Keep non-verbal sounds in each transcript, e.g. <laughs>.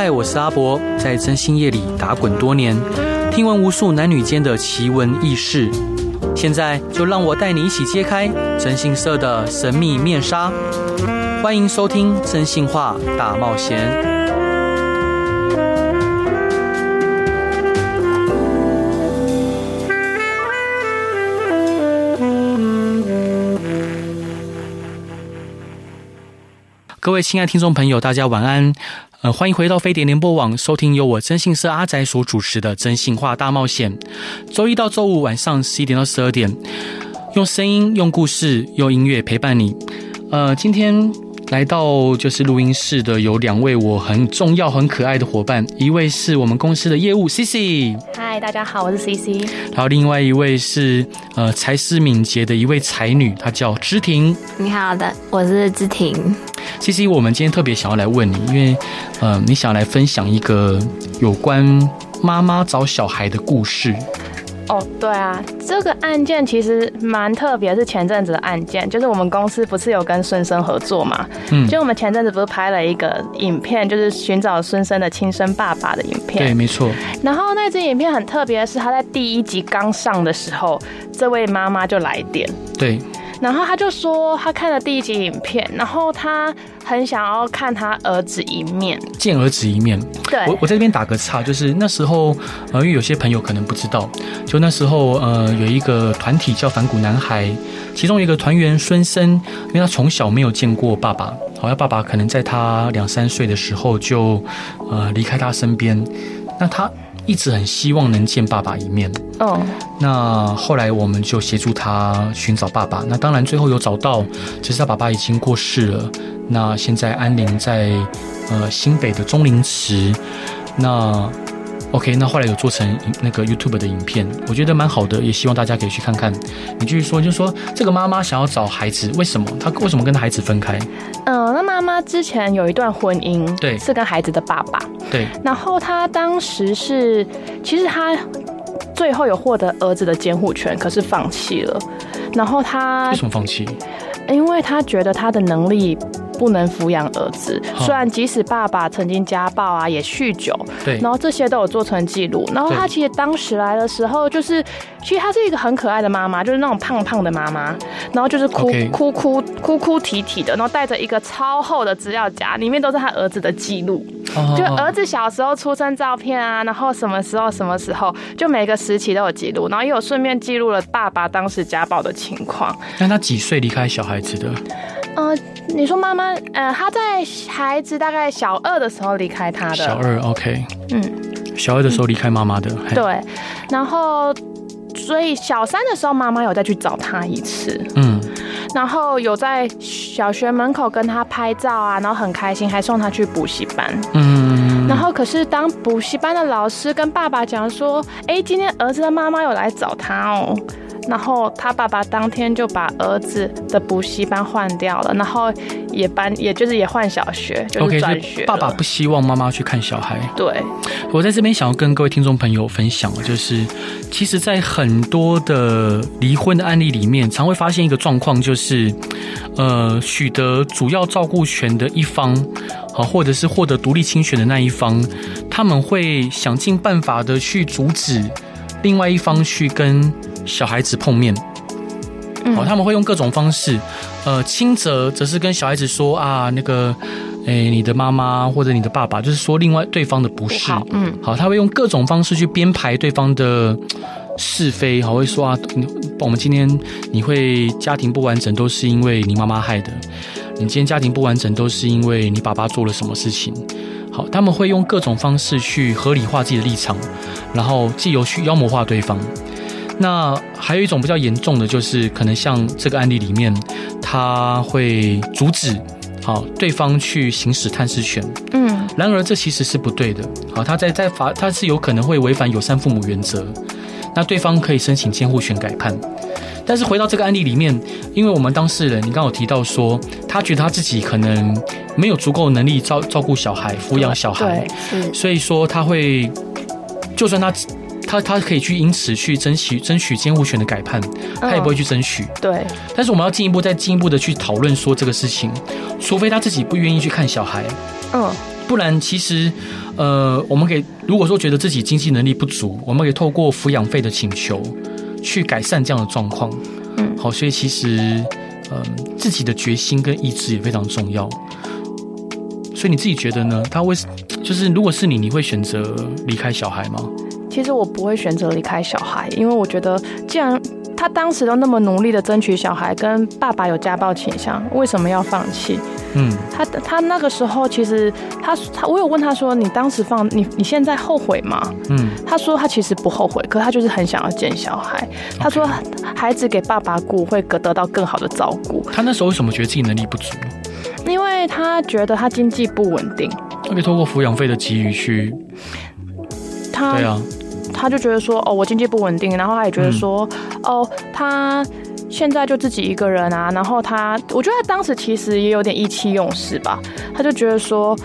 嗨，我是阿博，在徵信業裡打滾多年，聽聞無數男女間的奇聞異事。現在就讓我帶你一起揭開徵信社的神秘面紗。歡迎收聽《徵信話大冒險》。各位親愛聽眾朋友，大家晚安。呃、歡迎回到飛碟聯播網，收聽由我徵信社阿宅所主持的《徵信話大冒險》，週一到週五晚上十一點到十二點，用聲音、用故事、用音樂陪伴你。呃，今天來到就是錄音室的有兩位我很重要、很可愛的夥伴，一位是我們公司的業務 C C。嗨，Hi, 大家好，我是 C C。然後另外一位是呃才思敏捷的一位才女，她叫芝婷。你好的，的我是芝婷。其實我們今天特別想要來問你，因為，呃，你想來分享一個有關媽媽找小孩的故事。哦，對啊，這個案件其實蠻特別，是前陣子的案件，就是我們公司不是有跟孫生合作嘛？嗯，就我們前陣子不是拍了一個影片，就是尋找孫生的親生爸爸的影片。對，沒錯。然後那支影片很特別的是，他在第一集剛上的時候，這位媽媽就來電。對。然後他就說他看了第一集影片，然後他很想要看他兒子一面，見兒子一面。對，我我在這邊打個岔。就是那時候，呃，因為有些朋友可能不知道，就那時候，呃，有一個團體叫反骨男孩，其中一個團員孫生，因為他從小沒有見過爸爸，好像爸爸可能在他兩三歲的時候就，呃，離開他身邊，那他。一直很希望能見爸爸一面。哦、oh.，那後來我們就協助他尋找爸爸。那當然最後有找到，只、就是他爸爸已經過世了。那現在安靈在呃新北的忠靈祠。那。OK，那後來有做成那個 YouTube 的影片，我覺得蠻好的，也希望大家可以去看看。你繼續說，就是說這個媽媽想要找孩子，為什麼？她為什麼跟她孩子分開？嗯、呃，那媽媽之前有一段婚姻，對，是跟孩子的爸爸，對。然後她當時是，其實她最後有獲得兒子的監護權，可是放棄了。然後她為什麼放棄？因為她覺得她的能力。不能撫養兒子。雖然即使爸爸曾經家暴啊，哦、也酗酒，對，然後這些都有做成記錄。然後他其實當時來的時候，就是其實他是一個很可愛的媽媽，就是那種胖胖的媽媽，然後就是哭、Okay. 哭哭哭哭啼啼啼的，然後帶着一個超厚的資料夾，裡面都是他兒子的記錄，Oh, 就兒子小時候出生照片啊，然後什麼時候什麼時候，就每個時期都有記錄，然後也有順便記錄了爸爸當時家暴的情況。那他幾歲離開小孩子的？呃，你說媽媽，呃，她在孩子大概小二的時候離開他的。小二，OK。嗯，小二的時候離開媽媽的，嗯。對，然後，所以小三的時候媽媽有再去找他一次。嗯，然後有在小學門口跟他拍照啊，然後很開心，還送他去補習班。嗯，然後可是當補習班的老師跟爸爸講說，哎，今天兒子的媽媽有來找他哦。然後他爸爸當天就把兒子的補習班換掉了，然後也搬，也就是也換小學，就是轉學。Okay, 爸爸不希望媽媽去看小孩。對，我在這邊想要跟各位聽眾朋友分享，就是其實，在很多的離婚的案例裡面，常會發現一個狀況，就是呃，取得主要照顧權的一方，好，或者是獲得獨立親權的那一方，他們會想盡辦法的去阻止另外一方去跟，小孩子碰面，嗯，好，他們會用各種方式，呃，輕則則是跟小孩子說啊，那個，哎，你的媽媽或者你的爸爸，就是說另外對方的不是，嗯，好，他會用各種方式去編排對方的是非，好，會說啊，你我們今天你會家庭不完整，都是因為你媽媽害的，你今天家庭不完整都是因為你爸爸做了什麼事情，好，他們會用各種方式去合理化自己的立場，然後自由去妖魔化對方。那還有一種比較嚴重的就是，可能像這個案例裡面，他會阻止好對方去行使探視權。嗯，然而這其實是不對的。好，他在在法他是有可能會違反友善父母原則。那對方可以申請監護權改判。但是回到這個案例裡面，因為我們當事人，你剛剛有提到說，他覺得他自己可能沒有足夠能力照照顧小孩、撫養小孩，所以說他會，就算他。他他可以去因此去爭取爭取監護權的改判，他也不會去爭取。哦、對。但是我們要進一步再進一步的去討論說這個事情，除非他自己不願意去看小孩。嗯、哦，不然其實，呃，我們可以如果說覺得自己經濟能力不足，我們可以透過撫養費的請求去改善這樣的狀況。嗯、好，所以其實，嗯、呃，自己的決心跟意志也非常重要。所以你自己覺得呢？他為就是如果是你，你會選擇離開小孩嗎？其實我不會選擇離開小孩，因為我覺得，既然他當時都那麼努力的爭取小孩，跟爸爸有家暴傾向，為什麼要放棄？嗯，他他那個時候其實他他，我有問他說，你當時放你你現在後悔嗎？嗯，他說他其實不後悔，可他就是很想要見小孩。Okay. 他說孩子給爸爸顧會得到更好的照顧。他那時候為什麼覺得自己能力不足？因為他覺得他經濟不穩定，他可以通過撫養費的給予去，他對啊。他就覺得說，哦，我經濟不穩定，然後他也覺得說、嗯，哦，他現在就自己一個人啊，然後他，我覺得他當時其實也有點意氣用事吧，他就覺得說，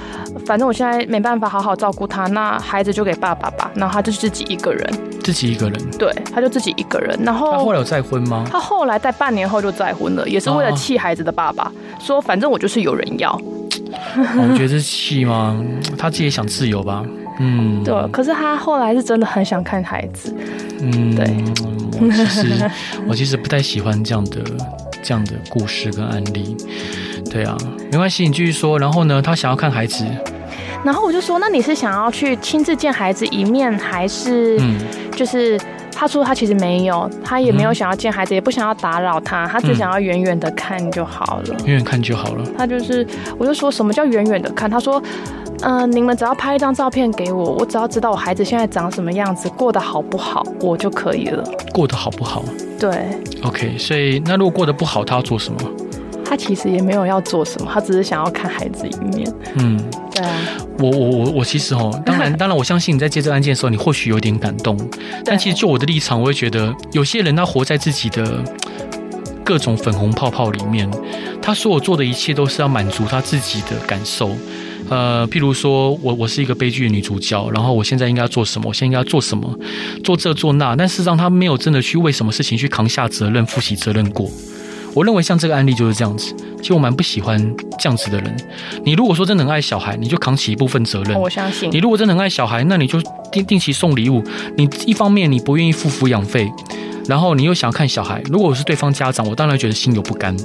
反正我現在沒辦法好好照顧他，那孩子就給爸爸吧，然後他就自己一個人，自己一個人，對，他就自己一個人，然後他後來有再婚嗎？他後來在半年後就再婚了，也是為了氣孩子的爸爸、啊，說反正我就是有人要。你、哦、覺得是氣嗎？ <laughs> 他自己也想自由吧。嗯，對。可是他後來是真的很想看孩子，嗯，對。我其實， <laughs> 我其實不太喜歡這樣的這樣的故事跟案例。對啊，沒關係，你繼續說。然後呢，他想要看孩子。然後我就說，那你是想要去親自見孩子一面，還是？嗯，就是他說他其實沒有，他也沒有想要見孩子，嗯，也不想要打擾他，他只想要遠遠的看就好了，遠遠看就好了。他就是，我就說什麼叫遠遠的看？他說。嗯，你們只要拍一張照片給我，我只要知道我孩子現在長什麼樣子，過得好不好，我就可以了。過得好不好？對。OK，所以那如果過得不好，他要做什麼？他其實也沒有要做什麼，他只是想要看孩子一面。嗯，對啊。我我我我其實哦，當然當然，我相信你在接這個案件的時候，你或許有點感動， <laughs> 但其實就我的立場，我會覺得有些人他活在自己的各種粉紅泡泡裡面，他所有做的一切都是要滿足他自己的感受。呃，譬如說，我我是一個悲劇的女主角，然後我現在應該要做什麼？我現在應該要做什麼？做這做那，但事實上她沒有真的去為什麼事情去扛下責任、負起責任過。我認為像這個案例就是這樣子。其實我蠻不喜歡這樣子的人。你如果說真的很愛小孩，你就扛起一部分責任。我相信。你如果真的很愛小孩，那你就定定期送禮物。你一方面你不願意付撫養費，然後你又想看小孩。如果我是對方家長，我當然覺得心有不甘。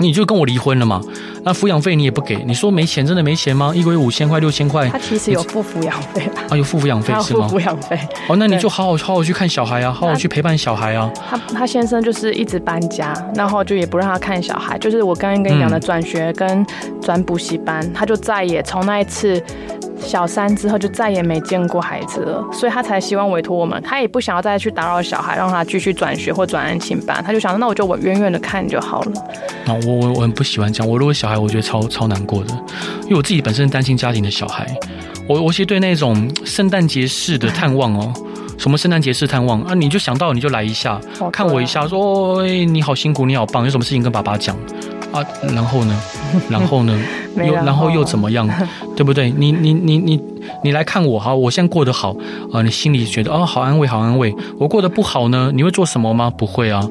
你就跟我離婚了嘛？那撫養費你也不給？你說沒錢，真的沒錢嗎？一個月五千塊、六千塊，他其實有付撫養費吧。啊，有付撫養費是嗎？付撫養費。哦，那你就好好好好去看小孩啊，好好去陪伴小孩啊。他他先生就是一直搬家，然後就也不讓他看小孩。就是我剛剛跟你講的嗯、轉學跟轉補習班，他就再也從那一次。小三之後就再也沒見過孩子了，所以他才希望委托我們。他也不想要再去打擾小孩，讓他繼續轉學或轉安親班。他就想，那我就我遠遠的看就好了。啊，我我我很不喜歡這樣。我如果小孩，我覺得超超難過的，因為我自己本身單親家庭的小孩。我我其實對那種聖誕節式的探望哦。 <laughs> 什麼聖誕節是探望啊？你就想到你就來一下、哦，看我一下，說、哎、你好辛苦，你好棒，有什麼事情跟爸爸講啊？然後呢？然後呢？ <laughs> 又然後又怎麼樣？對不對？你你你你你，你來看我哈！我現在過得好啊！你心裡覺得哦，好安慰，好安慰。我過得不好呢？你會做什麼嗎？不會啊！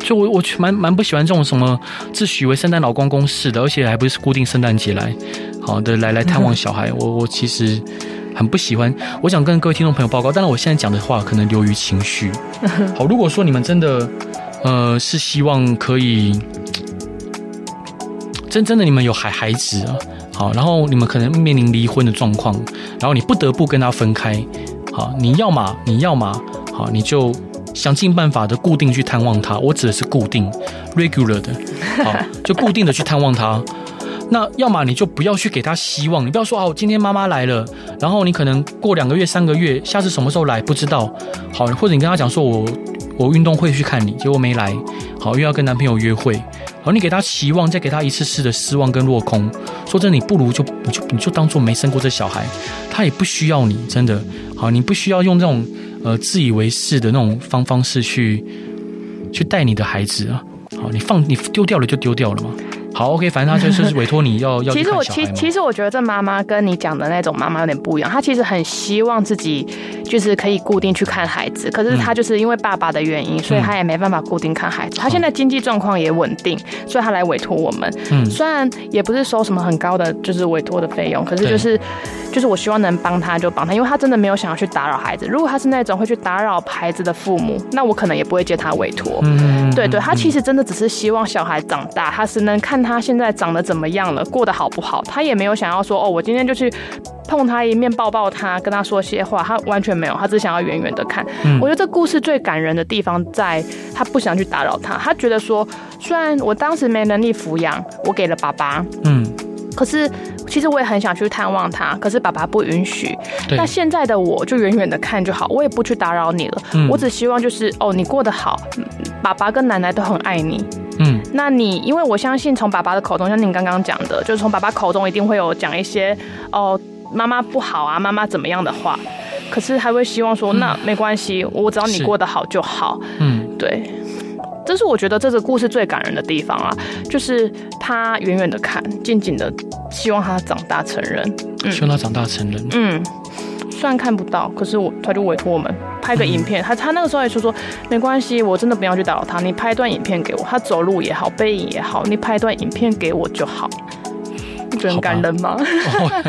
就我我蠻蠻不喜歡這種什麼自詡為聖誕老公公式的，而且還不是固定聖誕節來，好的來來探望小孩。 <laughs> 我我其實。很不喜歡，我想跟各位聽眾朋友報告，但是我現在講的話可能流於情緒。好，如果說你們真的，呃，是希望可以真真的你們有孩孩子啊，好，然後你們可能面臨離婚的狀況，然後你不得不跟他分開，好，你要嘛你要嘛，好，你就想盡辦法的固定去探望他，我指的是固定 regular 的，好，就固定的去探望他。那要麼你就不要去給他希望，你不要說啊，我、哦、今天媽媽來了，然後你可能過兩個月、三個月，下次什麼時候來不知道。好，或者你跟他講說我，我我運動會去看你，結果沒來，好，又要跟男朋友約會，好，你給他希望，再給他一次次的失望跟落空，說真的，你不如就你就你就當做沒生過這小孩，他也不需要你，真的。好，你不需要用這種呃自以為是的那種方方式去去帶你的孩子啊，好，你放你丟掉了就丟掉了嘛。好，OK，反正他就是委託你要要去看小孩 <laughs> 其實我其其實我覺得這媽媽跟你講的那種媽媽有點不一樣，她其實很希望自己就是可以固定去看孩子，可是她就是因為爸爸的原因，嗯、所以她也沒辦法固定看孩子。嗯、她現在經濟狀況也穩定，哦，所以她來委託我們。嗯，雖然也不是收什麼很高的就是委託的費用，可是就是就是我希望能幫她就幫她，因為她真的沒有想要去打擾孩子。如果他是那種會去打擾孩子的父母，那我可能也不會接他委託。嗯，對對，對，他其實真的只是希望小孩長大，他是能看。他現在長得怎麼樣了？過得好不好？他也沒有想要說哦，我今天就去碰他一面，抱抱他，跟他說些話。他完全沒有，他只想要遠遠的看。嗯。我覺得這故事最感人的地方，在他不想去打擾他。他覺得說，雖然我當時沒能力撫養，我給了爸爸，嗯。可是，其實我也很想去探望他，可是爸爸不允許。那現在的我就遠遠的看就好，我也不去打擾你了、嗯。我只希望就是，哦，你過得好，爸爸跟奶奶都很愛你。嗯，那你因為我相信從爸爸的口中，像你剛剛講的，就是從爸爸口中一定會有講一些哦，媽媽不好啊，媽媽怎麼樣的話，可是還會希望說，嗯、那沒關係，我只要你過得好就好。嗯，對。這是我覺得這個故事最感人的地方啊，就是他遠遠的看，靜靜的希望他長大成人，嗯，希望他長大成人。嗯，雖然看不到，可是我他就委托我們拍個影片。嗯，他他那個時候也說說，沒關係，我真的不要去打擾他，你拍一段影片給我，他走路也好，背影也好，你拍一段影片給我就好。你覺得感人嗎？哦、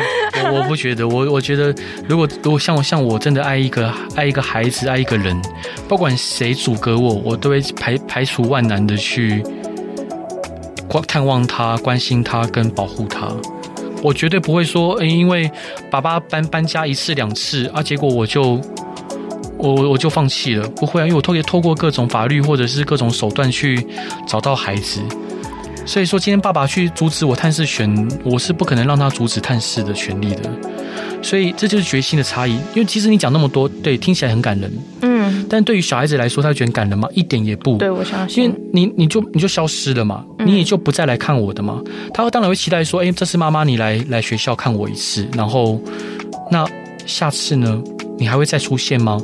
我我不覺得，我我覺得，如果如果像我像我真的愛一個愛一個孩子愛一個人，不管誰阻隔我，我都會排排除萬難的去，探望他、關心他跟保護他。我絕對不會說，欸、因為爸爸搬搬家一次兩次啊，結果我就我我就放棄了。不會啊，因為我特別透過各種法律或者是各種手段去找到孩子。所以說，今天爸爸去阻止我探視權，我是不可能讓他阻止探視的權利的。所以這就是決心的差異。因為其實你講那麼多，對，聽起來很感人，嗯，但對於小孩子來說，他覺得感人嗎？一點也不。對，我相信。因為你，你就你就消失了嘛，你也就不再來看我的嘛。嗯、他會當然會期待說，哎、欸，這次媽媽你來來學校看我一次，然後那下次呢？你還會再出現嗎？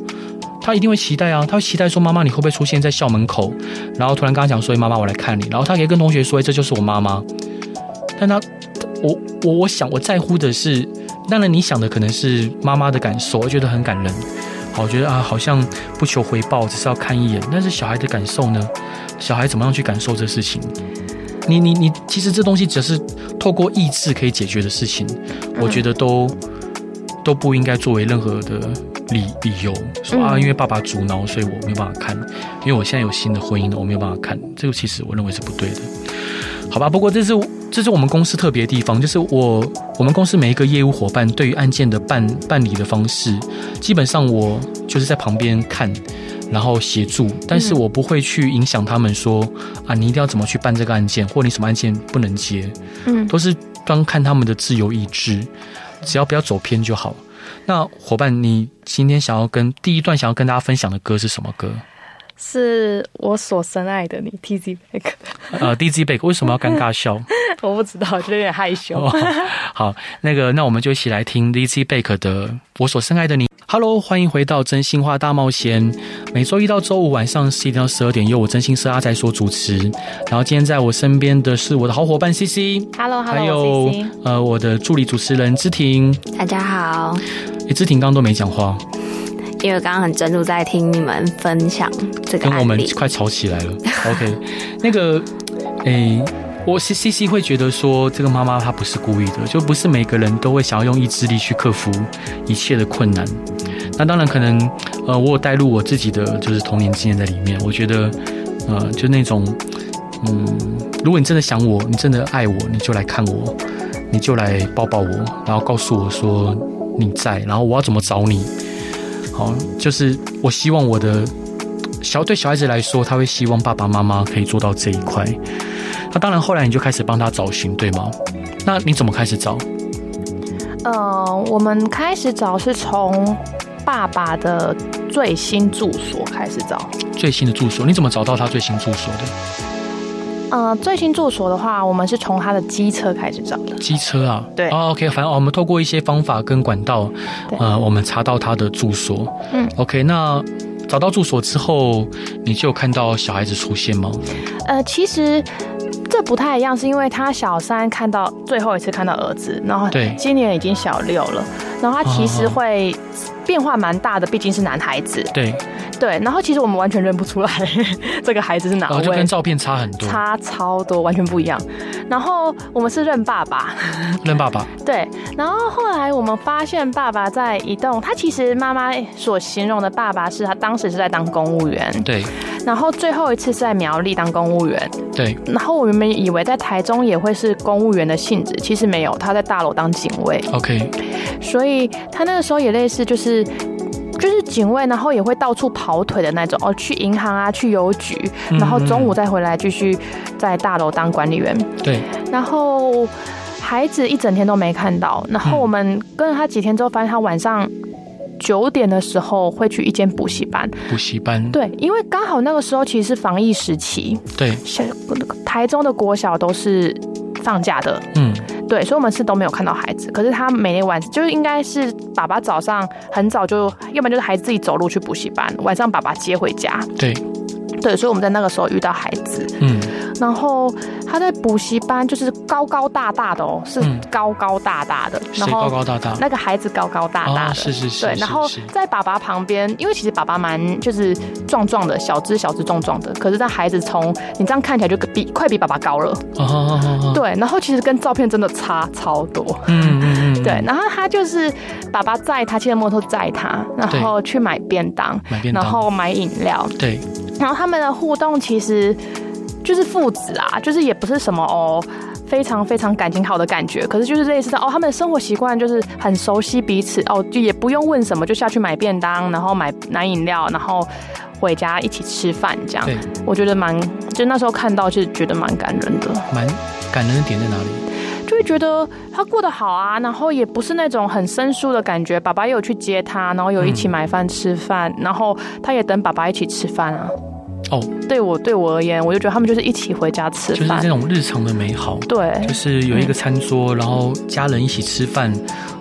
他一定會期待啊，他會期待說：“媽媽，你會不會出現在校門口？”然後突然剛剛講說：“媽媽，我來看你。”然後他可以跟同學說：“這就是我媽媽。”但他，我我我想我在乎的是，當然你想的可能是媽媽的感受，我覺得很感人。好、啊，我覺得啊，好像不求回報，只是要看一眼。但是小孩的感受呢？小孩怎麼樣去感受這事情？你你你，其實這東西只是透過意志可以解決的事情，我覺得都都不應該作為任何的。理理由說啊，因為爸爸阻撓，所以我沒有辦法看。因為我現在有新的婚姻了，我沒有辦法看。這個其實我認為是不對的，好吧？不過這是這是我們公司特別的地方，就是我我們公司每一個業務夥伴對於案件的辦辦理的方式，基本上我就是在旁邊看，然後協助，但是我不會去影響他們說啊，你一定要怎麼去辦這個案件，或你什麼案件不能接，嗯，都是光看他們的自由意志，只要不要走偏就好。那夥伴，你今天想要跟第一段想要跟大家分享的歌是什麼歌？是我所深愛的你，Tizzy Bac。呃，Tizzy Bac，為什麼要尷尬笑？ <laughs> 我不知道，就有點害羞、哦。好，那個，那我們就一起來聽 Tizzy Bac 的《我所深愛的你》。哈嘍歡迎回到《徵信話大冒險》。每週一到週五晚上十一點到十二點，由我徵信社阿宅所主持。然後今天在我身邊的是我的好伙伴 C C。哈嘍哈嘍還有 Hello, 呃我的助理主持人芝庭。大家好，誒、欸，芝庭剛剛都沒講話，因為剛剛很專注在聽你們分享這個案例，跟我們快吵起來了。OK， <laughs> 那個誒。欸我 CC 會覺得說，這個媽媽她，不是故意的，就不是每個人都會想要用意志力去克服一切的困難。那當然可能，呃，我有帶入我自己的就是童年經驗在裡面。我覺得，呃，就那種，嗯，如果你真的想我，你真的愛我，你就來看我，你就來抱抱我，然後告訴我說你在，然後我要怎麼找你。好，就是我希望我的小，對小孩子來說，他會希望爸爸媽媽可以做到這一塊。他、啊、當然，後來你就開始幫他找尋，對嗎？那你怎麼開始找？嗯、呃，我們開始找是從爸爸的最新住所開始找。最新的住所？你怎麼找到他最新住所的？呃，最新住所的話，我們是從他的機車開始找的。機車啊，對。哦，OK，反正我們透過一些方法跟管道，呃，我們查到他的住所。嗯，OK，那找到住所之後，你就看到小孩子出現嗎？呃，其實。這不太一樣，是因為他小三看到最後一次看到兒子，然後今年已經小六了，然後他其實會變化蠻大的，哦哦，畢竟是男孩子。對對，然後其實我們完全認不出來呵呵這個孩子是哪位，就跟照片差很多，差超多，完全不一樣。然後我們是認爸爸，認爸爸。 <laughs> 對，然後後來我們發現爸爸在移動，他其實媽媽所形容的爸爸是他當時是在當公務員，對。然後最後一次是在苗栗當公務員，對。然後我們以為在台中也會是公務員的性質，其實沒有，他在大樓當警衛。OK，所以他那個時候也類似就是。就是警衛，然後也會到處跑腿的那種哦，去銀行啊，去郵局，嗯，然後中午再回來繼續在大樓當管理員。對，然後孩子一整天都沒看到。然後我們跟了他幾天之後，發現他晚上九點的時候會去一間補習班。補習班。對，因為剛好那個時候其實是防疫時期。對，台中的國小都是放假的。嗯。對，所以我們是都沒有看到孩子。可是他每天晚上就應該是爸爸早上很早就，要不然就是孩子自己走路去補習班，晚上爸爸接回家。對，對，所以我們在那個時候遇到孩子。嗯。然後他在補習班，就是高高大大的哦，是高高大大的、嗯、高高大大的。誰高高大大？那個孩子高高大大的，哦、是是是。對，是是是，然後在爸爸旁邊，因為其實爸爸蠻就是壯壯的，小只小只壯壯的。可是，他孩子從你這樣看起來就比快比爸爸高了。哦哦哦。對，然後其實跟照片真的差超多。嗯嗯嗯。 <laughs> 對，然後他就是爸爸載他，騎着摩托車載他，然後去買便，買便當，然後買飲料。對。然後他們的互動其實。就是父子啊，就是也不是什麼哦，非常非常感情好的感覺，可是就是類似到哦，他們的生活習慣就是很熟悉彼此哦，就也不用問什麼就下去買便當，然後買買飲料，然後回家一起吃飯這樣。對，我覺得蠻，就那時候看到其實覺得蠻感人的。蠻感人的點在哪裡？就會覺得他過得好啊，然後也不是那種很生疏的感覺，爸爸也有去接他，然後有一起買飯吃飯、嗯，然後他也等爸爸一起吃飯啊。哦、oh,，對我對我而言，我就覺得他們就是一起回家吃飯，就是那種日常的美好。對，就是有一個餐桌，嗯、然後家人一起吃飯，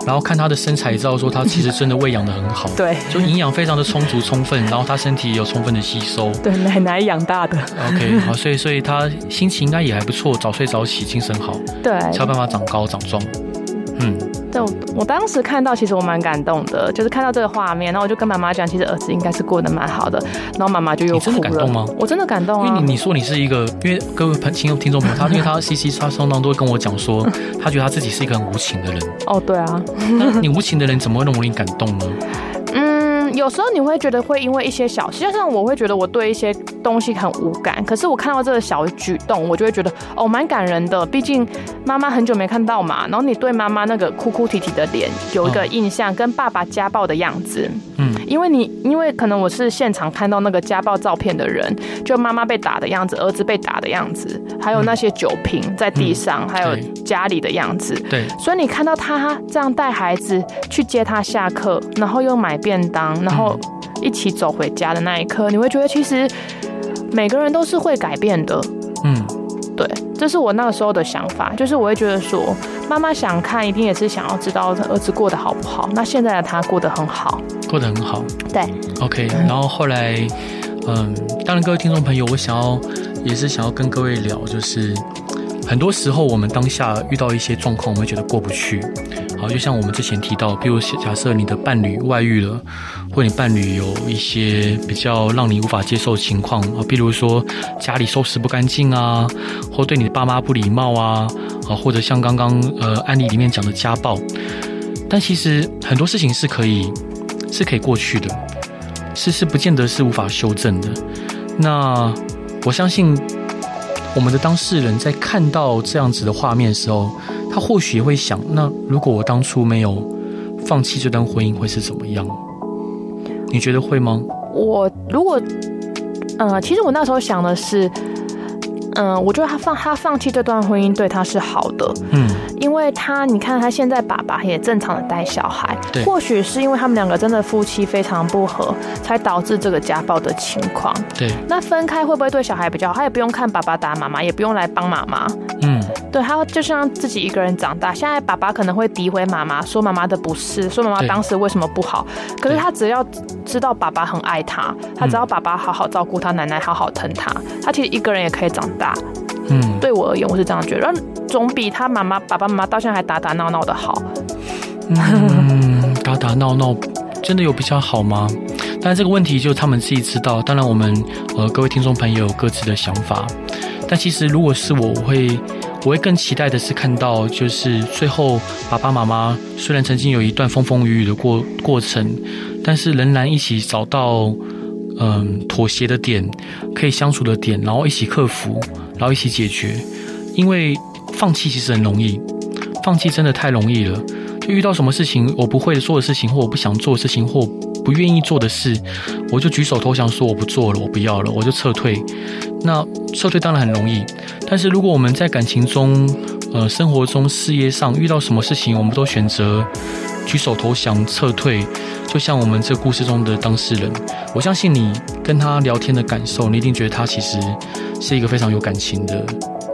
然後看他的身材，照說他其實真的餵養的很好。 <laughs> 對，就營養非常的充足充分， <laughs> 然後他身體也有充分的吸收。對，奶奶養大的。OK，好，所以所以他心情應該也還不錯，早睡早起，精神好。 <laughs> 對，才有辦法長高長壯。嗯，對我，我當時看到，其實我蠻感動的，就是看到這個畫面，然後我就跟媽媽講，其實兒子應該是過得蠻好的，然後媽媽就又哭了。你真的感動嗎？我真的感動啊！因為你你說你是一個，因為各位朋聽眾聽眾朋友，他因為他嘻嘻他相當會跟我講說， <laughs> 他覺得他自己是一個很無情的人。哦，對啊， <laughs> 那你無情的人怎麼會那麼容易感動呢？有時候你會覺得會因為一些小事，就像我會覺得我對一些東西很無感，可是我看到這個小舉動，我就會覺得哦，蠻感人的。畢竟媽媽很久沒看到嘛，然後你對媽媽那個哭哭啼啼的臉有一個印象，哦，跟爸爸家暴的樣子，嗯。因為你，因為可能我是現場看到那個家暴照片的人，就媽媽被打的樣子，兒子被打的樣子，還有那些酒瓶在地上，嗯、還有家裡的樣子、嗯。對。所以你看到他這樣帶孩子去接他下課，然後又買便當，然後一起走回家的那一刻、嗯，你會覺得其實每個人都是會改變的。嗯，對，這是我那個時候的想法，就是我會覺得說，媽媽想看，一定也是想要知道兒子過得好不好。那現在的他過得很好。過得很好，對，OK。然後後來，嗯，當然各位聽眾朋友，我想要也是想要跟各位聊，就是很多時候我們當下遇到一些狀況，我們會覺得過不去。好，就像我們之前提到，比如假設你的伴侶外遇了，或你伴侶有一些比較讓你無法接受的情況啊，比如說家裡收拾不乾淨啊，或對你的爸媽不禮貌啊，啊，或者像剛剛呃案例裡面講的家暴，但其實很多事情是可以。是可以過去的，世事不見得是無法修正的。那我相信我們的當事人在看到這樣子的畫面的時候，他或許也會想：那如果我當初沒有放棄這段婚姻，會是怎麼樣？你覺得會嗎？我如果，呃，其實我那時候想的是，嗯、呃，我覺得他放他放棄這段婚姻對他是好的。嗯。因為他，你看他現在爸爸也正常的帶小孩，對，或許是因為他們兩個真的夫妻非常不合，才導致這個家暴的情況。對，那分開會不會對小孩比較好？他也不用看爸爸打媽媽，也不用來幫媽媽。嗯，對，他就像自己一個人長大。現在爸爸可能會詆毀媽媽，說媽媽的不是，說媽媽當時為什麼不好。可是他只要知道爸爸很愛他，他只要爸爸好好照顧他、嗯，奶奶好好疼他，他其實一個人也可以長大。嗯，對我而言我是這樣覺得，總比他媽媽爸爸。媽媽到現在還打打鬧鬧的好，嗯，打打鬧鬧真的有比較好嗎？但這個問題就他們自己知道。當然，我們呃，各位聽眾朋友各自的想法。但其實，如果是我，我會我會更期待的是看到，就是最後爸爸媽媽雖然曾經有一段風風雨雨的過過程，但是仍然一起找到嗯、呃、妥協的點，可以相處的點，然後一起克服，然後一起解決。因為放棄其實很容易。放棄真的太容易了，就遇到什麼事情，我不會做的事情，或我不想做的事情，或不願意做的事，我就舉手投降，說我不做了，我不要了，我就撤退。那撤退當然很容易，但是如果我們在感情中、呃，生活中、事業上遇到什麼事情，我們都選擇舉手投降撤退，就像我們這故事中的當事人，我相信你跟他聊天的感受，你一定覺得他其實是一個非常有感情的。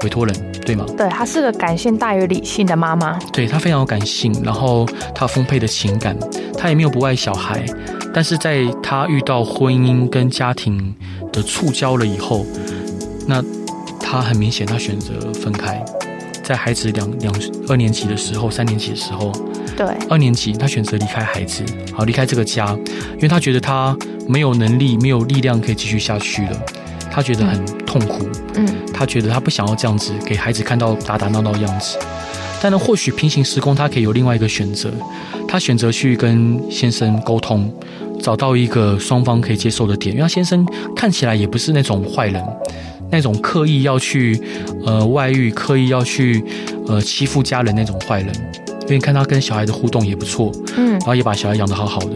委託人對嗎？對，她是個感性大於理性的媽媽。對，她非常有感性，然後她豐沛的情感，她也沒有不愛小孩。但是在她遇到婚姻跟家庭的觸礁了以後，那她很明顯，她選擇分開。在孩子兩兩二年級的時候，三年級的時候，對二年級，她選擇離開孩子，好離開這個家，因為她覺得她沒有能力，沒有力量可以繼續下去了。他覺得很痛苦，嗯，他覺得他不想要這樣子給孩子看到打打鬧鬧的樣子。但是或許平行時空他可以有另外一個選擇，他選擇去跟先生溝通，找到一個雙方可以接受的點。因為他先生看起來也不是那種壞人，那種刻意要去呃外遇，刻意要去呃欺負家人那種壞人。因為看他跟小孩的互動也不錯，嗯，然後也把小孩養得好好的。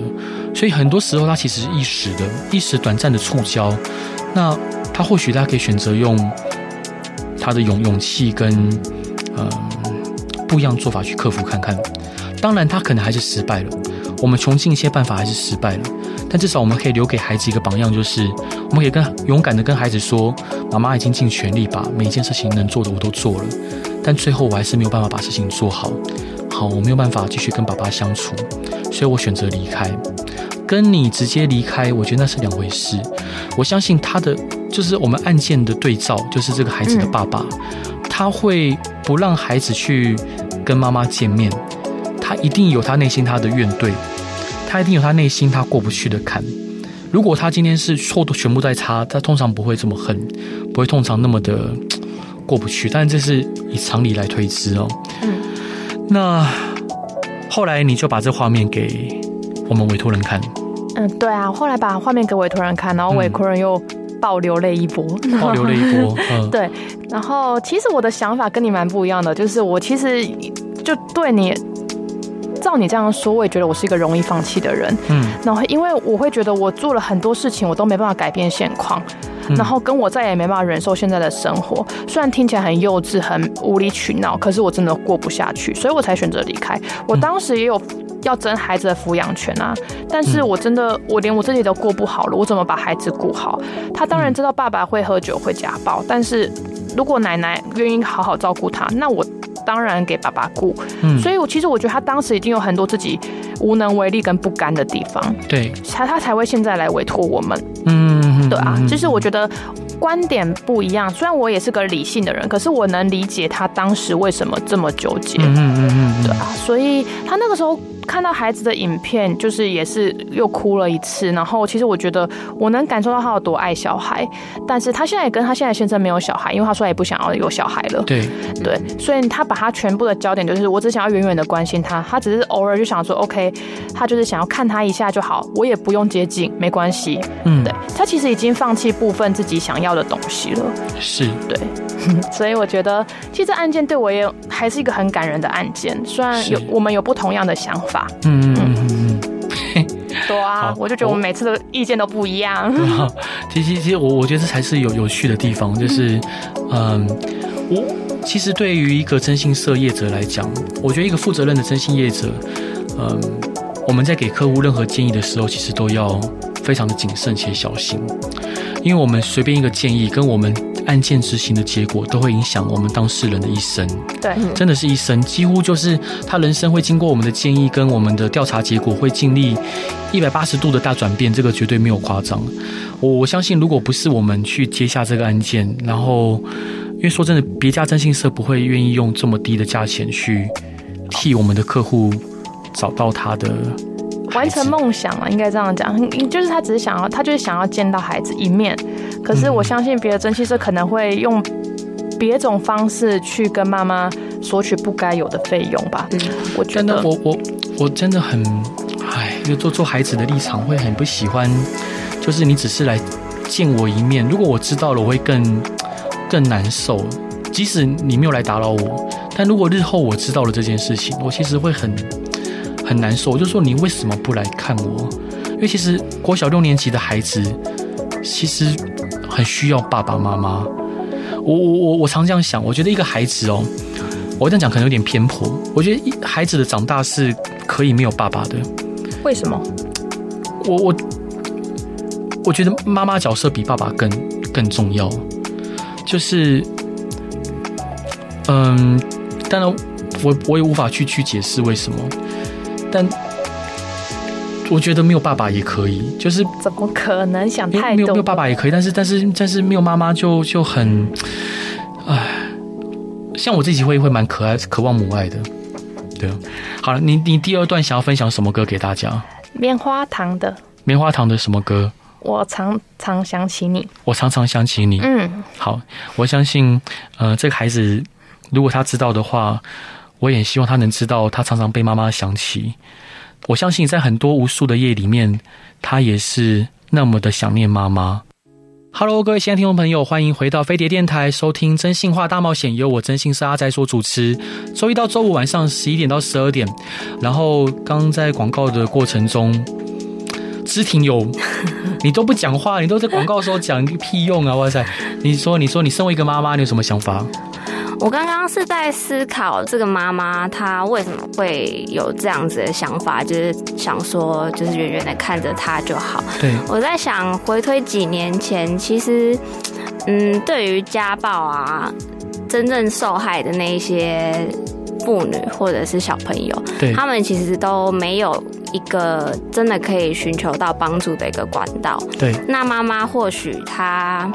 所以很多時候他其實是一時的、一時短暫的觸礁。那他或許大家可以選擇用他的勇勇氣跟嗯、呃、不一樣做法去克服看看，當然他可能還是失敗了。我們窮盡一些辦法還是失敗了，但至少我們可以留給孩子一個榜樣，就是我們可以跟勇敢的跟孩子說：“媽媽已經盡全力把每件事情能做的我都做了，但最後我還是沒有辦法把事情做好，好我沒有辦法繼續跟爸爸相處，所以我選擇離開。跟你直接離開，我覺得那是兩回事。我相信他的。”就是我們案件的對照，就是這個孩子的爸爸、嗯，他會不讓孩子去跟媽媽見面，他一定有他內心他的怨懟，他一定有他內心他過不去的坎。如果他今天是錯都全部在他，他通常不會這麼恨，不會通常那麼的過不去。但這是以常理來推知哦。嗯。那後來你就把這畫面給我們委託人看。嗯，對啊，後來把畫面給委託人看，然後委託人又。嗯暴流淚一波，暴流淚一波。 <laughs> 對，然後其實我的想法跟你蠻不一樣的，就是我其實就對你，照你這樣說，我也覺得我是一個容易放棄的人。嗯，然後因為我會覺得我做了很多事情，我都沒辦法改變現況，嗯、然後跟我再也沒辦法忍受現在的生活。雖然聽起來很幼稚、很無理取鬧，可是我真的過不下去，所以我才選擇離開。我當時也有。要爭孩子的撫養權啊！但是我真的、嗯，我連我自己都過不好了，我怎麼把孩子顧好？他當然知道爸爸會喝酒、嗯、會家暴，但是如果奶奶願意好好照顧他，那我當然給爸爸顧、嗯。所以我其實我覺得他當時已經有很多自己無能為力跟不甘的地方。對，他他才會現在來委託我們。嗯，對啊、嗯，就是我覺得。觀點不一樣，雖然我也是個理性的人，可是我能理解他當時為什麼這麼糾結。嗯，嗯嗯嗯，對啊，所以他那個時候看到孩子的影片，就是也是又哭了一次。然後其實我覺得我能感受到他有多愛小孩，但是他現在也跟他現在先生沒有小孩，因為他說他也不想要有小孩了。對對，所以他把他全部的焦點就是，我只想要遠遠的關心他，他只是偶爾就想說，OK，他就是想要看他一下就好，我也不用接近，沒關係。嗯，對，他其實已經放棄部分自己想要要的東西了，是對是，所以我覺得其實這案件對我也還是一個很感人的案件，雖然有我們有不同樣的想法，嗯嗯嗯，嗯 <laughs> 對啊，我就覺得我們每次的意見都不一樣。啊、其實其實我我覺得這才是有有趣的地方， <laughs> 就是嗯，我其實對於一個徵信社業者來講，我覺得一個負責任的徵信業者，嗯，我們在給客戶任何建議的時候，其實都要。非常的謹慎且小心，因為我們隨便一個建議跟我們案件執行的結果，都會影響我們當事人的一生。對，真的是一生，幾乎就是他人生會經過我們的建議跟我們的調查結果，會經歷一百八十度的大轉變。這個絕對沒有誇張。我我相信，如果不是我們去接下這個案件，然後因為說真的，別家徵信社不會願意用這麼低的價錢去替我們的客戶找到他的，完成夢想了，啊，應該這樣講。就是他只是想要，他就是想要見到孩子一面。可是我相信別的徵信社可能會用別種方式去跟媽媽索取不該有的費用吧。嗯，我覺得。我我我真的很，唉，就做做孩子的立場會很不喜歡。就是你只是來見我一面，如果我知道了，我會更更難受。即使你沒有來打擾我，但如果日後我知道了這件事情，我其實會很。很難受，我就說你為什麼不來看我？因為其實國小六年級的孩子，其實很需要爸爸媽媽。我我我我常這樣想，我覺得一個孩子哦、喔，我這樣講可能有點偏頗。我覺得一孩子的長大是可以沒有爸爸的。為什麼？我我我覺得媽媽角色比爸爸更更重要。就是嗯，當然我我也無法去去解釋為什麼。但我覺得沒有爸爸也可以，就是怎麼可能想太多？沒有沒有爸爸也可以，但是但是但是沒有媽媽就就很唉，像我自己會會蠻可愛，渴望母愛的。對，好了，你你第二段想要分享什麼歌給大家？棉花糖的棉花糖的什麼歌？我常常想起你，我常常想起你。嗯，好，我相信，呃，這個孩子如果他知道的話。我也希望他能知道，他常常被媽媽想起。我相信在很多無數的夜裡面，他也是那麼的想念媽媽。Hello，各位親愛的聽眾朋友，歡迎回到飛碟電台，收聽《真心話大冒險》，由我徵信社阿宅所主持。周一到周五晚上十一點到十二點。然後剛在廣告的過程中，芝庭有你都不講話，你都在廣告時候講個屁用啊！哇塞，你說你說，你身為一個媽媽，你有什麼想法？我剛剛是在思考這個媽媽，她為什麼會有這樣子的想法，就是想說，就是遠遠的看着她就好。對，我在想，回推幾年前，其實，嗯，對於家暴啊，真正受害的那一些婦女或者是小朋友，他們其實都沒有一個真的可以尋求到幫助的一個管道。對，那媽媽或許她。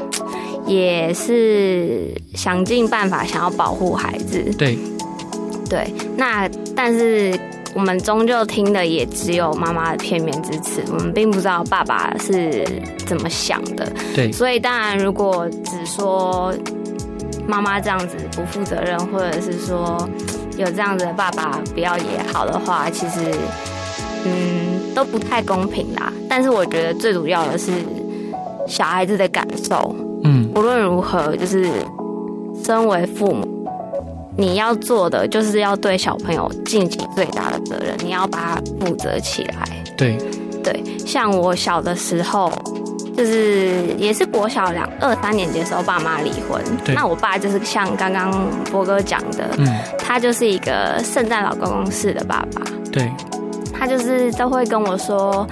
也是想盡辦法想要保護孩子對，對對。那但是我們終究聽的也只有媽媽的片面之詞，我們並不知道爸爸是怎麼想的。對。所以當然，如果只說媽媽這樣子不負責任，或者是說有這樣子的爸爸不要也好的話，其實嗯都不太公平啦。但是我覺得最主要的是小孩子的感受。嗯，無論如何，就是身為父母，你要做的就是要對小朋友盡盡最大的責任，你要把他負責起來。對，對，像我小的時候，就是也是國小兩二三年級的時候爸，爸媽離婚，那我爸就是像剛剛博哥講的，嗯，他就是一個聖誕老公公式的爸爸，對，他就是都會跟我說。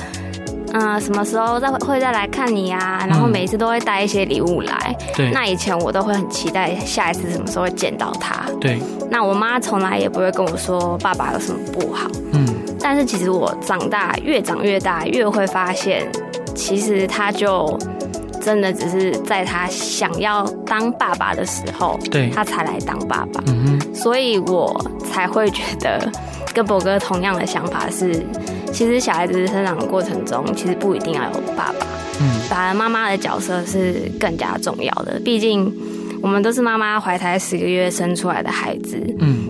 嗯、呃，什麼時候再會再來看你啊？然後每一次都會帶一些禮物來，嗯。對，那以前我都會很期待下一次什麼時候會見到他。對，那我媽從來也不會跟我說爸爸有什麼不好。嗯，但是其實我長大越長越大，越會發現，其實他就真的只是在他想要當爸爸的時候，對，他才來當爸爸。嗯哼，所以我才會覺得跟博哥同樣的想法是。其實小孩子生長的過程中，其實不一定要有爸爸。嗯，反而媽媽的角色是更加重要的。畢竟我們都是媽媽懷胎十個月生出來的孩子。嗯，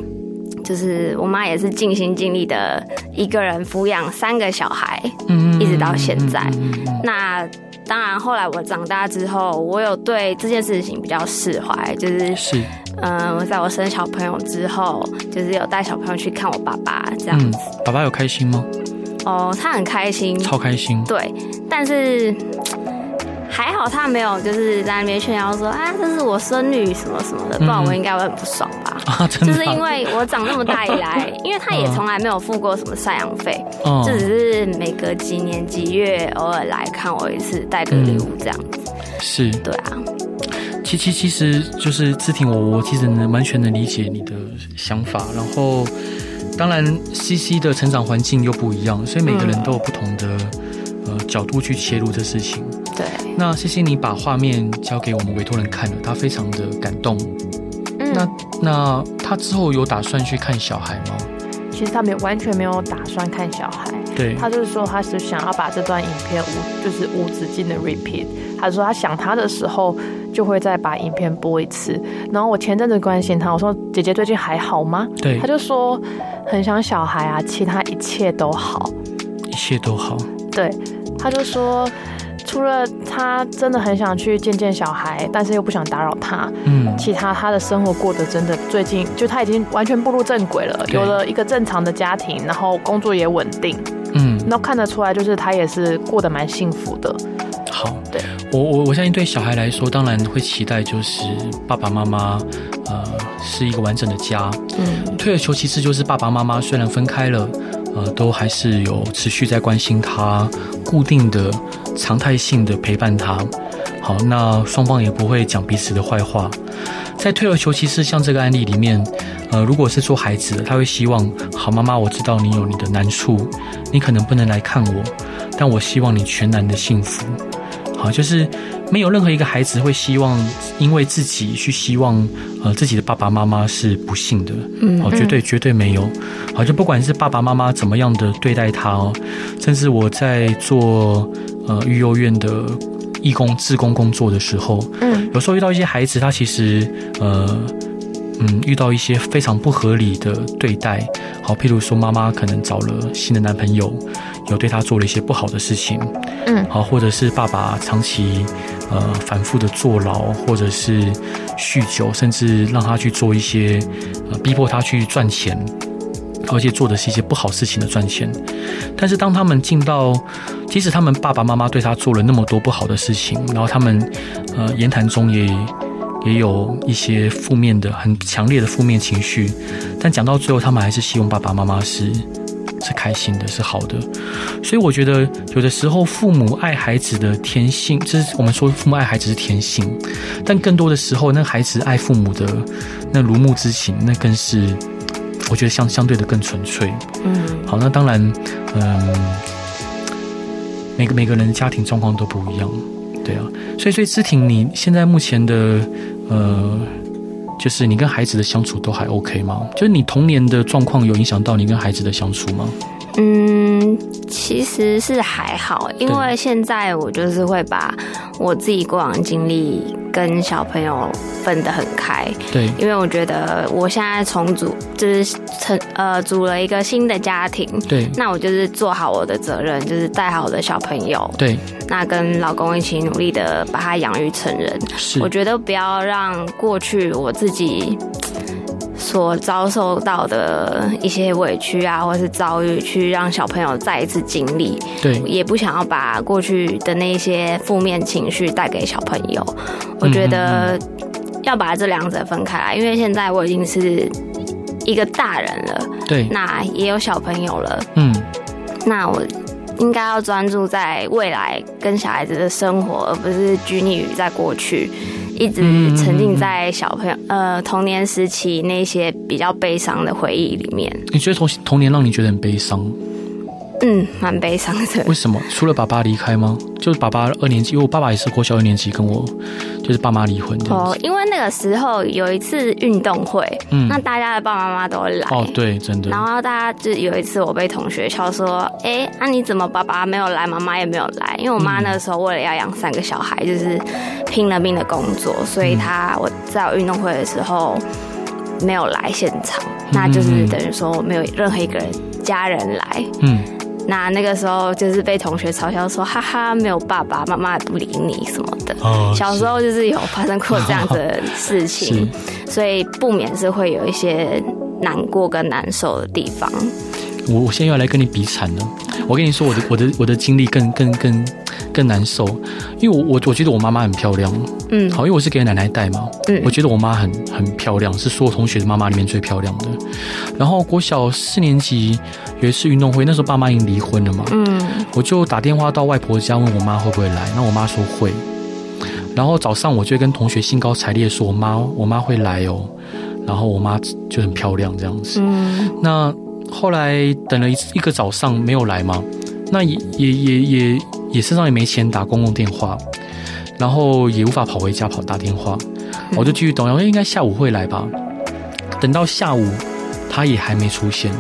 就是我媽也是盡心盡力的一個人撫養三個小孩。嗯，一直到現在，嗯嗯嗯嗯、那當然後來我長大之後，我有對這件事情比較釋懷。就是是。嗯、呃，我在我生小朋友之後，就是有帶小朋友去看我爸爸這樣子、嗯。爸爸有開心嗎？哦，他很開心，超開心。對，但是還好他沒有就是在那邊炫耀說啊，這是我孫女什麼什麼的，嗯、不然我應該會很不爽吧、啊真的啊。就是因為我長那麼大以來， <laughs> 因為他也從來沒有付過什麼贍養費，這、嗯、只是每隔幾年幾月偶爾來看我一次，帶個禮物這樣子、嗯。是，對啊。其其其實，就是芝庭，我我其實能完全能理解你的想法，然後。當然 CC 的成長環境又不一樣，所以每個人都有不同的、嗯呃、角度去切入這事情。對，那 CC，你把畫面交給我們委托人看了，他非常的感動。嗯。那那他之後有打算去看小孩嗎？其實他沒有完全沒有打算看小孩。對。他就是說他是想要把這段影片無就是無止境的 repeat。他說他想他的時候就會再把影片播一次。然後我前陣子關心他，我說姐姐最近還好嗎？對。他就說。很想小孩啊，其他一切都好，一切都好。對，他就說，除了他真的很想去見見小孩，但是又不想打擾他，嗯，其他他的生活過得真的最近就他已經完全步入正軌了，有了一個正常的家庭，然後工作也穩定，嗯，那看得出來就是他也是過得蠻幸福的。好，對我我相信對小孩來說，當然會期待就是爸爸媽媽，呃，是一個完整的家。嗯，退而求其次就是爸爸媽媽雖然分開了，呃，都還是有持續在關心他，固定的常態性的陪伴他。好，那雙方也不會講彼此的壞話。在退而求其次，像這個案例裡面，呃，如果是做孩子，他會希望，好，媽媽，我知道你有你的難處，你可能不能來看我，但我希望你全然的幸福。啊，就是沒有任何一個孩子會希望因為自己去希望呃自己的爸爸媽媽是不幸的，嗯，好、嗯、絕對絕對沒有。好，就不管是爸爸媽媽怎麼樣的對待他哦，甚至我在做呃育幼院的義工、志工工作的時候，嗯，有時候遇到一些孩子，他其實呃嗯遇到一些非常不合理的對待，好，譬如說媽媽可能找了新的男朋友。有對他做了一些不好的事情，嗯，好，或者是爸爸長期呃反覆的坐牢，或者是酗酒，甚至讓他去做一些呃逼迫他去賺錢，而且做的是一些不好事情的賺錢。但是當他們進到，即使他們爸爸媽媽對他做了那麼多不好的事情，然後他們呃言談中也也有一些負面的、很強烈的負面情緒，但講到最後，他們還是希望爸爸媽媽是，是開心的，是好的，所以我覺得有的時候父母愛孩子的天性，就是我們說父母愛孩子是天性，但更多的時候，那孩子愛父母的那孺慕之情，那更是我覺得相相對的更純粹。嗯，好，那當然，嗯，每個每個人的家庭狀況都不一樣，對啊，所以所以，芝庭你現在目前的呃。就是你跟孩子的相處都還 OK 嗎？就是你童年的狀況有影響到你跟孩子的相處嗎？嗯。其實是還好，因為現在我就是會把我自己過往經歷跟小朋友分得很開。對，因為我覺得我現在重組就是成呃組了一個新的家庭。對，那我就是做好我的責任，就是帶好我的小朋友。對，那跟老公一起努力的把他養育成人。是，我覺得不要讓過去我自己。所遭受到的一些委屈啊，或是遭遇，去讓小朋友再一次經歷，對，也不想要把過去的那些負面情緒帶給小朋友。我覺得要把這兩者分開來，因為現在我已經是一個大人了，對，那也有小朋友了，嗯，那我應該要專注在未來跟小孩子的生活，而不是拘泥於在過去。一直沉浸在小朋友、嗯、呃童年時期那些比較悲傷的回憶裡面。你覺得童童年讓你覺得很悲傷？嗯，蠻悲傷的。為什麼？除了爸爸離開嗎？就是爸爸二年級，因為我爸爸也是國小二年級，跟我就是爸媽離婚的哦。因為那個時候有一次運動會、嗯，那大家的爸爸媽媽都會來哦，對，真的。然後大家就有一次，我被同學笑說：“哎、欸，那、啊、你怎麼爸爸沒有來，媽媽也沒有來？”因為我媽、嗯、那個時候為了要養三個小孩，就是拼了命的工作，所以她我在我運動會的時候沒有來現場，嗯嗯，那就是等於說沒有任何一個人家人來，嗯。那那個時候就是被同學嘲笑說，哈哈，沒有爸爸媽媽不理你什麼的，哦。小時候就是有發生過這樣的事情，好好，所以不免是會有一些難過跟難受的地方。我我現在要來跟你比慘了，我跟你說我的我的我的經歷更更更。更更更難受，因為我我我覺得我媽媽很漂亮，嗯，好，因為我是給奶奶帶嘛，對、嗯、我覺得我媽很很漂亮，是所有同學的媽媽裡面最漂亮的。然後國小四年級有一次運動會，那時候爸媽已經離婚了嘛，嗯，我就打電話到外婆家問我媽會不會來，那我媽說會，然後早上我就跟同學興高采烈說我媽我媽會來哦、喔，然後我媽就很漂亮這樣子，嗯、那後來等了一一個早上沒有來嘛，那也也也也。也也也身上也沒錢打公共電話，然後也無法跑回家跑打電話，嗯、我就繼續等。然後應該下午會來吧？等到下午，他也還沒出現。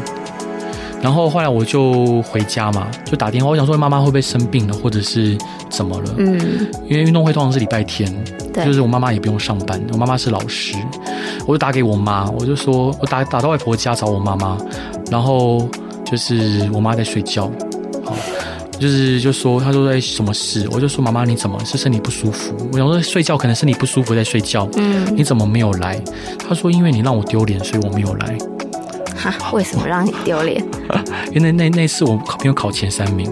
然後後來我就回家嘛，就打電話。我想說，媽媽會不會生病了，或者是怎麼了？嗯，因為運動會通常是禮拜天，對，就是我媽媽也不用上班。我媽媽是老師，我就打給我媽，我就說我打打到外婆家找我媽媽，然後就是我媽在睡覺。就是就說，他說哎，什麼事？我就說媽媽，你怎麼是身體不舒服？我想說睡覺，可能身體不舒服在睡覺。嗯，你怎麼沒有來？他說，因為你讓我丟臉，所以我沒有來。哈，為什麼讓你丟臉？因、啊、為那那次我沒有考前三名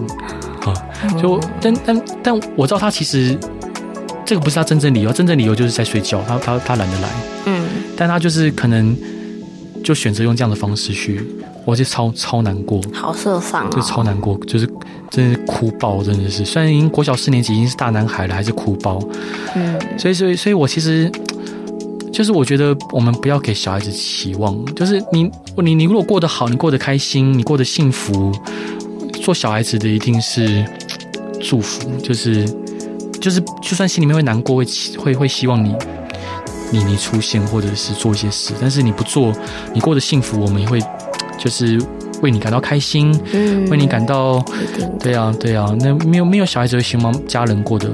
啊。就、嗯、但但但我知道他其實這個不是他真正理由，真正理由就是在睡覺，他他他懶得來。嗯，但他就是可能就選擇用這樣的方式去。我就超超難過，好色喪、哦、就是、超難過，就是真是哭爆，真的是。雖然已經國小四年級，已經是大男孩了，還是哭爆。嗯。所以，所以，所以我其實，就是我覺得我們不要給小孩子期望。就是你，你，你如果過得好，你過得開心，你過得幸福，做小孩子的一定是祝福。就是，就是，就算心裡面會難過，會，會，會希望你，你，你出現，或者是做一些事，但是你不做，你過得幸福，我們也會。就是為你感到開心，嗯，為你感到，對，對啊，對啊，那沒有沒有小孩子會希望家人過得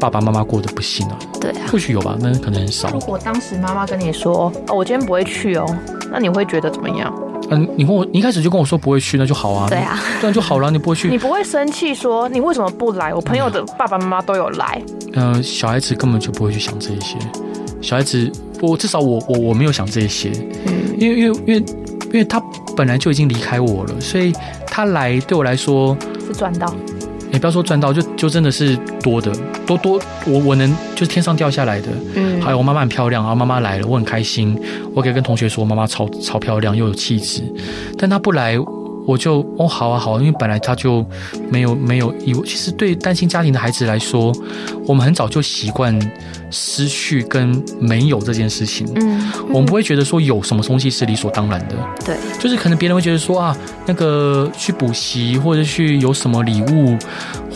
爸爸媽媽過得不幸啊，對啊，或許有吧，那可能很少。如果當時媽媽跟你說、哦，我今天不會去哦，那你會覺得怎麼樣？嗯、呃，你跟我，你一開始就跟我說不會去，那就好啊，對啊，這樣就好了，啊，你不會去， <laughs> 你不會生氣說你為什麼不來？我朋友的爸爸媽媽都有來，嗯，呃、小孩子根本就不會去想這些，小孩子，我至少我我我沒有想這些，嗯，因為因為因為因為他。本來就已經離開我了，所以他來對我來說是賺到。你、欸、不要說賺到，就就真的是多的，多多我我能就是天上掉下來的。嗯，還有我媽媽很漂亮，然後媽媽來了，我很開心，我可以跟同學說我媽媽超超漂亮，又有氣質。但她不來。我就哦，好啊好啊。因為本來他就沒有沒有。其實對單親家庭的孩子來說，我們很早就習慣失去跟沒有這件事情嗯。嗯，我們不會覺得說有什麼東西是理所當然的。對，就是可能別人會覺得說啊，那個去補習或者去有什麼禮物，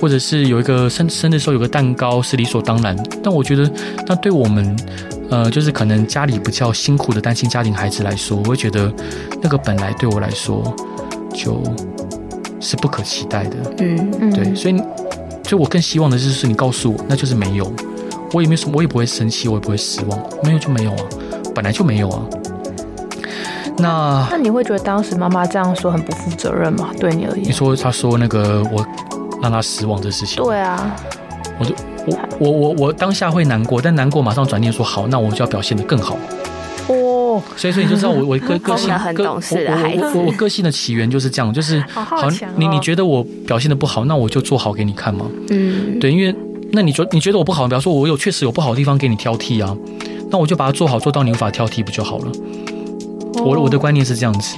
或者是有一個生生日的時候有個蛋糕是理所當然。但我覺得，那對我們呃，就是可能家裡比較辛苦的單親家庭孩子來說，我會覺得那個本來對我來說就是不可期待的，嗯嗯，對，所以，所以我更希望的就是你告訴我，那就是沒有，我也沒有什麼，我也不會生氣，我也不會失望，沒有就沒有啊，本來就沒有啊。那那你會覺得當時媽媽這樣說很不負責任嗎？對你而言？你說她說那個我讓她失望這事情，對啊，我就我我我我當下會難過，但難過馬上轉念說好，那我就要表現得更好。所以，所以你就知道我我個個性，個我，我我我個性的起源就是這樣，就是好，你你覺得我表現的不好，那我就做好給你看嘛。嗯，對，因為那你覺，你覺得我不好，比方說我有確實有不好的地方給你挑剔啊，那我就把它做好，做到你無法挑剔不就好了？我我的觀念是這樣子，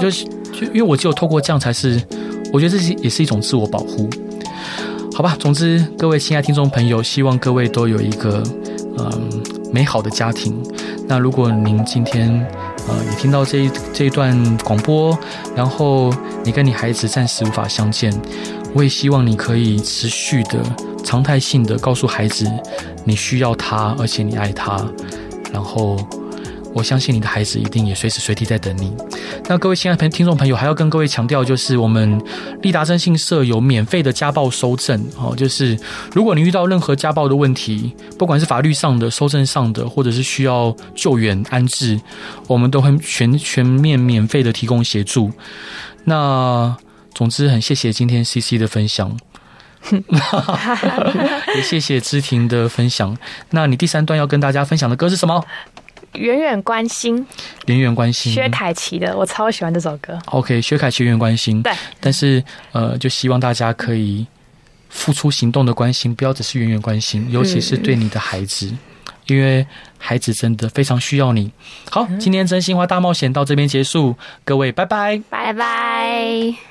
就是就因為我只有透過這樣才是，我覺得這是也是一種自我保護，好吧？總之，各位親愛聽眾朋友，希望各位都有一個嗯。美好的家庭。那如果您今天，呃，也聽到這一這一段廣播，然後你跟你孩子暫時無法相見，我也希望你可以持續的、常態性的告訴孩子，你需要他，而且你愛他，然後。我相信你的孩子一定也隨時隨地在等你。那各位親愛的朋聽眾朋友，還要跟各位強調，就是我們立達徵信社有免費的家暴收證哦。就是如果你遇到任何家暴的問題，不管是法律上的、收證上的，或者是需要救援安置，我們都會全全面免費的提供協助。那總之，很謝謝今天 CC 的分享， <laughs> <laughs> 也謝謝芝庭的分享。那你第三段要跟大家分享的歌是什麼？遠遠關心，遠遠關心，薛凱琪的，我超喜歡這首歌。OK，薛凱琪遠遠關心，對，但是呃，就希望大家可以付出行動的關心，不要只是遠遠關心，尤其是對你的孩子、嗯，因為孩子真的非常需要你。好，今天徵信話大冒險到這邊結束，各位拜拜，拜拜。